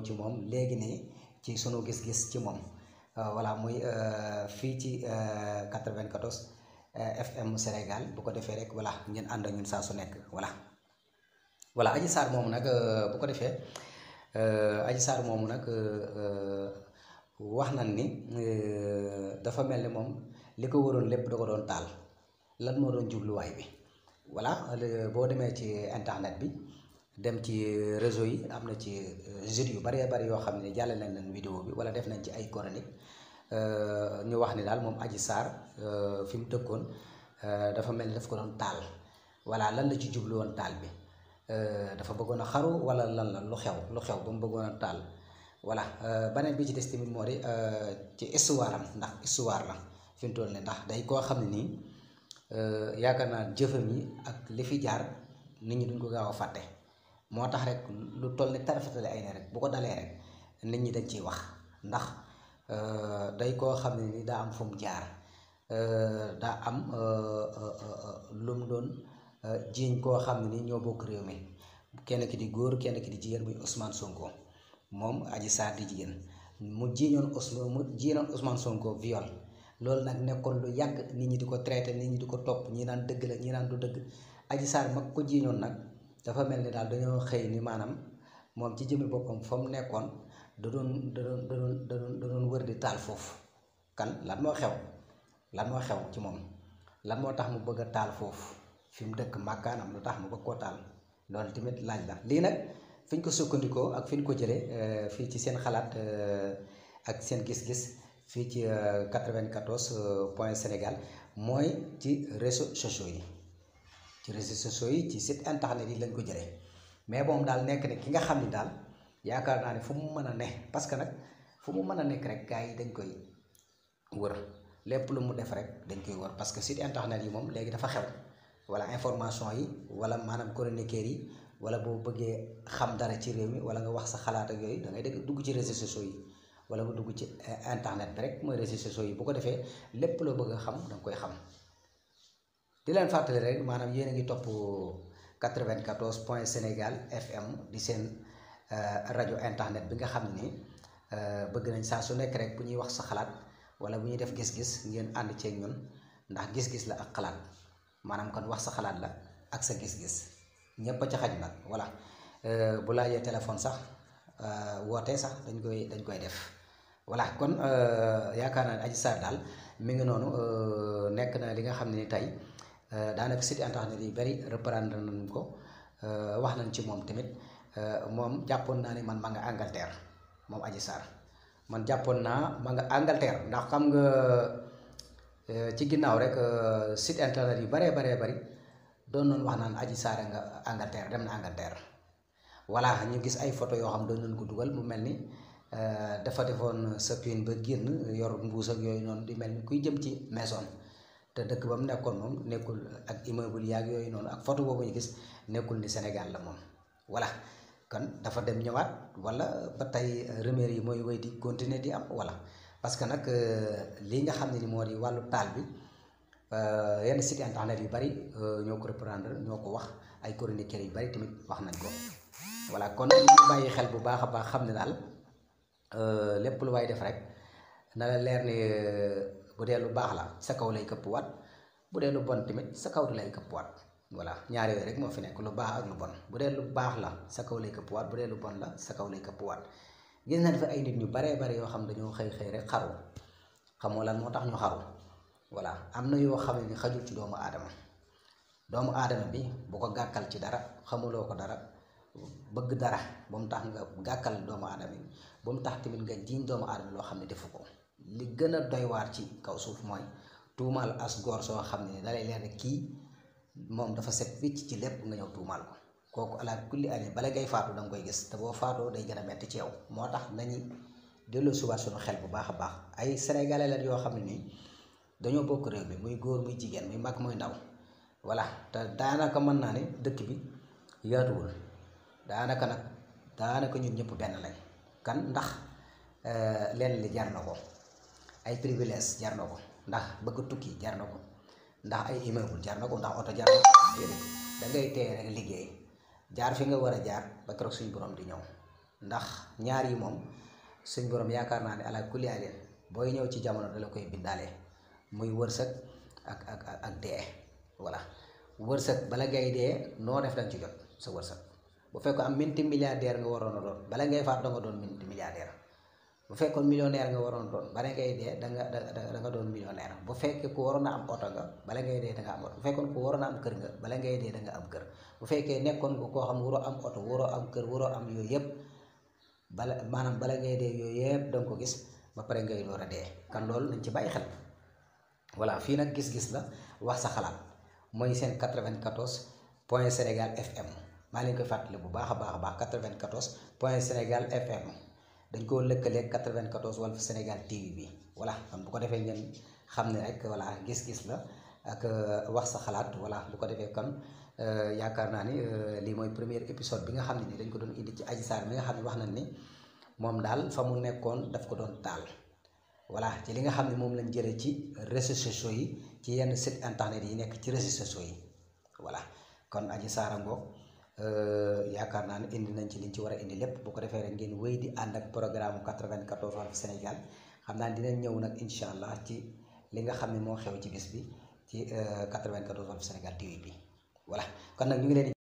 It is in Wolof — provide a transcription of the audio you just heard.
ñëw ci moom léegi nii ci suñu gis-gis ci moom euh, voilà muy euh, fii ci 94 euh, FM Sénégal bu ko defee rek voilà ngeen ànd ak ñun saa su nekk voilà. voilà Adji Sarr moomu nag bu ko defee Adji Sarr moomu nag wax nañ ni dafa mel ni moom li ko waroon lépp da ko doon taal lan moo doon jubluwaay bi voilà boo demee ci internet bi. dem ci réseau yi am na ci euh, jeunes yu bëree bëri yoo xam ne jàllale nañ vidéo bi wala def nañ ci ay chronique euh, ñu wax ni daal moom Adji Sarr euh, fi mu dëkkoon dafa mel ni daf ko doon taal voilà lan la ci jublu woon taal bi dafa bëggoon xaru wala lan la lu xew lu xew ba mu bëggoon a taal voilà beneen bi ci des tamit moo di ci histoire ndax histoire la fi mu toll ne ndax day koo xam ni nii yaakaar naa jëfam yi ak li fi jaar nit ñi duñ ko gaaw a fàtte. moo tax rek lu toll ni tarafetale ay ne rek bu ko dalee rek nit ñi dañ ciy wax ndax euh, day koo xam ne ni daa am fu mu jaar euh, daa am euh, lu mu doon jiiñ koo xam ne ni ñoo bokk réew mi kenn ki di góor kenn ki di jigéen muy Ousmane Sonko moom Adji Sarr di jigéen mu jiiñoon Ousmane mu jiiñoon Ousmane Sonko viol loolu nag nekkoon lu yàgg nit ñi di ko traité nit ñi di ko topp ñi daan dëgg la ñi daan du dëgg Adji Sarr mag ko jiiñoon nag. dafa mel ni daal dañoo xëy ni maanam moom ci jëmmi boppam fa mu nekkoon da doon da doon da doon da doon da doon wër di taal foofu kan lan moo xew lan moo xew ci moom lan moo tax mu bëgg a taal foofu fi mu dëkk màkkaanam lu tax mu bëgg taal loolu tamit laaj la lii nag fi ñu ko sukkandikoo ak fi ñu ko jëlee euh, fii ci seen xalaat euh, ak seen gis-gis fii ci 94 euh, point Sénégal mooy ci réseaux sociaux yi. ci réseaux sociaux yi ci site internet yi lañ ko jëlee mais moom daal nekk ne ki nga xam ni daal yaakaar naa ne fu mu mën a ne parce que nag fu mu mën a nekk rek gars yi dañ koy wër lépp lu mu def rek dañ koy wër parce que site internet yi moom léegi dafa xew wala information yi wala maanaam chroniqueur yi wala boo bëggee xam dara ci réew mi wala nga wax sa xalaat ak yooyu da dugg ci réseaux sociaux yi wala nga dugg ci eh, internet bi rek mooy réseaux sociaux yi bu ko defee lépp loo bëgg a koy xam. di leen fàttali rek maanaam yéen a ngi topp 94 point Sénégal FM di seen euh, rajo internet bi nga xam ni euh, bëgg nañ saa su nekk rek bu ñuy wax sa xalaat wala bu ñuy def gis-gis ngeen ànd ceeg ñun ndax gis-gis la ak xalaat maanaam kon wax sa xalaat la ak sa gis-gis ñëpp a ca xaj nag voilà euh, bu laajee téléphone sax wootee sax dañ koy dañ koy def. voilà kon yaakaar naa ne Adji Sarr daal mi ngi noonu nekk na li nga xam ne ni tey. Euh, daanaka site internet yi bëri reprendre nañ ko euh, wax nañ ci moom tamit euh, moom jàppoon naa ni man ma nga moom aji Sarr man jàppoon naa ma nga Angleterre ndax xam nga ci ginnaaw rek site internet yu bëree baree bari doon noonu wax naan Adji Sarr nga Angleterre dem na Angleterre voilà ñu gis ay photo yoo xam doon nañ ko dugal mu mel ni dafa defoon sapin ba génn yor mbuus yooyu noonu di mel ni kuy jëm ci maison te dëkk ba mu nekkoon moom nekkul ak immeuble yaag yooyu noonu ak photo boobu ñu gis nekkul ni senegal la moom voilà kon dafa dem ñëwaat walla ba tey euh, rumeur yi mooy wéy di continuer di am voilà parce que nag euh, lii nga xam ne ni moo di wàllu taal bi euh, yenn site internet yu bari ñoo ko reprendre ñoo ko wax ay chroniqueurs yu bari tamit wax nañ ko voilà kon ñu xel bu baax a baax xam ne daal lépp lu waay def rek na la leer ni bu dee lu baax la sa kaw lay këppwaat bu dee lu bon tamit sa kaw lay këppwaat voilà ñaar yooyu rek moo fi nekk lu baax ak lu bon bu dee lu baax la sa kaw lay këppwaat bu dee lu bon la sa kaw lay këppwaat gis ne fa ay nit ñu baree bare yoo xam dañoo xëy xëy rek xaru xamoo lan moo tax ñu xaru voilà am na yoo xam ne xajul ci doomu aadama doomu aadama bi bu ko gàkkal ci dara xamuloo ko dara bëgg dara ba mu tax nga gàkkal doomu aadama bi ba mu tax tamit nga jiiñ doomu aadama loo xam ne defu ko li gën a doy ci kaw suuf mooy tuumaal as góor soo xam ne dalay leer ne kii moom dafa set wicc ci lépp nga ñëw tuumaal ko kooku alaat kulli ali bala ngay faatu danga nga koy gis te boo faatoo day gën a metti ci yow moo tax nañu delloo subaat suñu xel bu baax a baax ay sénégalais lañ yoo xam ne nii dañoo bokk réew mi muy góor muy jigéen muy mag muy ndaw voilà te daanaka mën naa ne dëkk bi yaatuwul daanaka nag daanaka ñun ñëpp benn lañ kan ndax euh, leen li jar na ko ay privilèges jar na ko ndax bëgg tukki jar ko ndax ay immeuble jar ndax oto jar na ko rek liggéey jaar fi nga war a jaar ba keroog suñu borom di ñëw ndax ñaar yi moom suñ borom yaakaar naa ne ala kulli alin booy ñëw ci jamono da la koy bindaale muy wërsëg ak ak ak dee voilà wërsëg bala ngay dee noo def dañ ci jot sa wërsëg bu fekk am minti milliardaire nga waroon a doon bala ngay faat da nga doon minti milliardaire. bu fekkoon millionnaire nga waroon doon bala ngay dee da nga da doon millionnaire bu fekkee ku waroon a am oto nga bala ngay dee da nga am oto bu fekkoon ku waroon a am kër nga bala ngay dee da nga am kër bu fekkee nekkoon nga koo xam waroo am oto waroo am kër waroo am yooyu yëpp bala maanaam bala ngay dee yooyu yëpp da ko gis ba pare ngay door a dee kan loolu nañ ci bàyyi xel voilà fii nag gis-gis la wax sa xalaat mooy seen 94 point Sénégal FM maa leen fàttali bu baax a baax a baax 94 point Sénégal FM. dañ koo lëkkaleeg 94 Walf Sénégal TV bi voilà kon bu ko defee ngeen xam ne rek voilà gis-gis la ak euh, wax sa xalaat voilà bu ko defee kon euh, yaakaar naa ni euh, lii mooy première épisode bi nga xam ne nii dañ ko doon indi ci Adji Sarr mi nga xam ne wax na ni moom daal fa mu nekkoon daf ko doon taal voilà ci li nga xam ne moom lañ jëlee ci réseaux sociaux yi ci yenn site internet yi nekk ci réseaux sociaux yi voilà kon Adji Sarr a Euh, yaakaar naa ne indi nañ ci liñ ci war a indi lépp boo ko defee rek ngeen wéy di ànd ak programme 94 Walf Sénégal xam naa dinañ ñëw nag incha allah ci li nga xam ne moo xew ci gis bi ci 94 euh, Walf Sénégal TV bi voilà kon nag ñu ngi leen